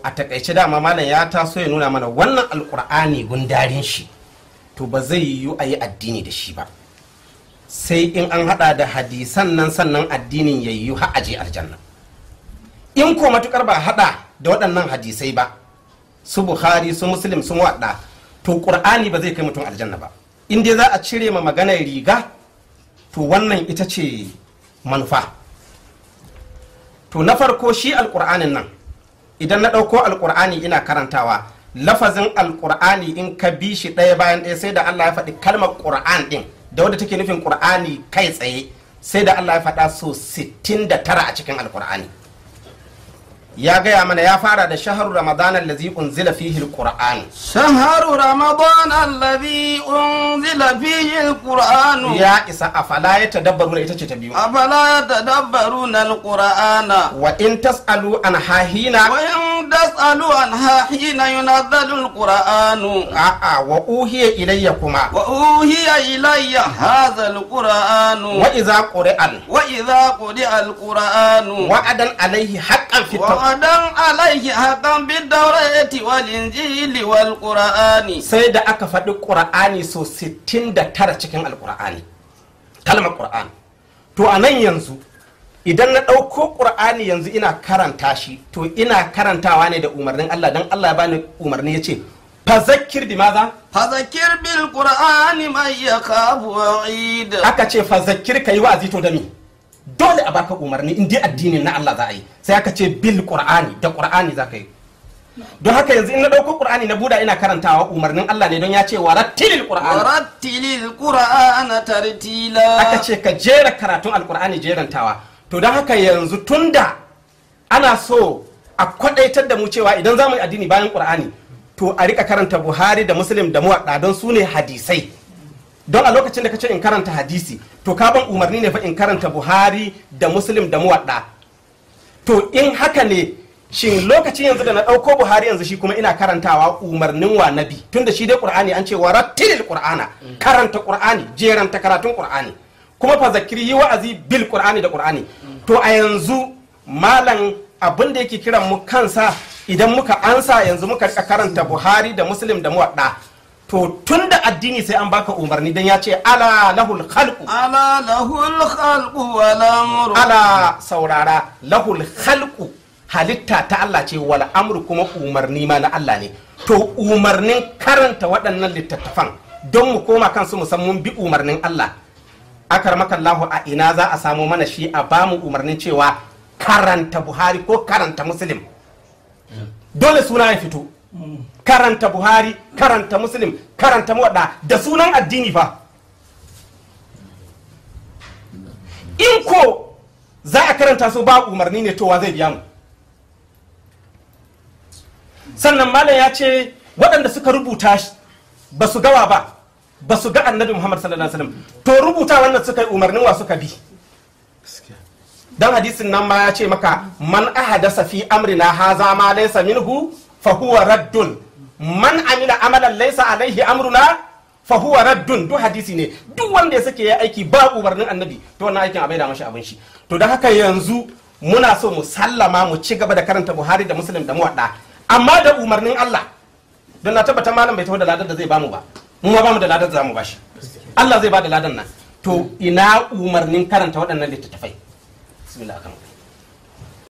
a takaice dama malam ya taso ya nuna mana wannan alkur'ani gundarin shi to ba zai yiwu a yi addini da shi ba sai in an hada da hadisan nan sannan addinin ya yiwu ha aje aljanna in ko matukar ba hada da waɗannan hadisai ba su bukhari su muslim sun waɗa to qur'ani ba zai kai mutum aljanna ba in dai za a cire ma maganar riga to wannan ita ce manufa to na farko shi alkur'anin nan idan na ɗauko alkur'ani ina karantawa lafazin alƙur'ani in ka bi shi ɗaya bayan ɗaya sai da Allah ya faɗi kalmar ƙur'an ɗin da wadda take nufin ƙur'ani kai tsaye sai da Allah ya faɗa so 69 a cikin alkur'ani ya gaya mana ya fara da shaharu ramadan allazi unzila fihi alquran shaharu ramadan allazi unzila fihi alquran ya isa afala ya tadabbaru ita ce ta biyu afala ya tadabbaru alquran wa in tasalu an hahina wa in tasalu anha hina yunazzalu alquranu a'a wa uhiya ilayya kuma wa uhiya ilayya hadha alquranu wa idha wa idha qudi'a alquranu wa adan alayhi wa adan alayhi haqqan bid dawrati wal wal sai da aka fadi qur'ani so tara cikin alqur'ani kalmar qur'an to nan yanzu idan na ɗauko ƙur'ani yanzu ina karanta shi to ina karantawa ne da umarnin Allah don Allah ya bani umarni ya ce fazakir bi maza fazakir bil qur'ani man yakhafu wa'id aka ce fazakir kai wa'azi to da mi dole a baka umarni in dai addinin na Allah za a yi sai aka ce bil qur'ani da qur'ani za ka yi don haka yanzu in na ɗauko ƙur'ani na buɗa ina karantawa umarnin Allah ne don ya ce wa qur'ani. ƙur'ani wa rattilil tartila aka ce ka jera karatun alƙur'ani jerantawa to don haka yanzu tunda ana so a kwadaitar da mu cewa idan za mu yi addini bayan qur'ani to a rika karanta buhari da muslim da muwadda don su ne hadisai don a lokacin da ka ce in karanta hadisi to ka ban umarni ne fa in karanta buhari da muslim da muwadda to in haka ne shin lokacin yanzu da na ɗauko buhari yanzu shi kuma ina karantawa umarnin wa nabi tunda shi dai qur'ani an ce wa rattilil qur'ana karanta qur'ani jeranta karatun qur'ani kuma fa zakiri yi wa'azi bil qur'ani da qur'ani to a yanzu malam abin da yake kiran mu kansa idan muka ansa yanzu muka rika karanta buhari da muslim da muwadda to tun da addini sai an baka umarni dan ya ce ala lahul khalqu ala lahul khalqu wal amru ala saurara lahul khalqu halitta ta Allah ce wal amru kuma umarni ma na Allah ne to umarnin karanta waɗannan littattafan don mu koma kansu musamman bi umarnin Allah akar makallahu a ina za a samo mana shi a bamu umarnin cewa karanta buhari ko karanta muslim dole suna ya fito karanta buhari karanta muslim karanta wada da sunan addini fa in ko za a karanta su ba umarni ne towa zai biya mu sannan malam ya ce waɗanda suka rubuta ba su gawa ba ba su ga annabi muhammad sallallahu alaihi wasallam to rubuta wannan suka yi umarnin wa suka bi dan hadisin nan ma ya ce maka man ahadasa fi amrina haza ma laysa minhu fa huwa raddun man amila amalan laysa alaihi amruna fa huwa raddun duk hadisi ne duk wanda ya sake yi aiki ba umarnin annabi to wannan aikin abai da mashi abin shi to da haka yanzu muna so mu sallama mu ci gaba da karanta buhari da muslim da muwadda amma da umarnin allah don na tabbata malam bai taho da ladar da zai bamu ba mu ma ba mu da ladan za mu bashi Allah zai ba da ladan nan to ina umarnin karanta waɗannan littattafai bismillah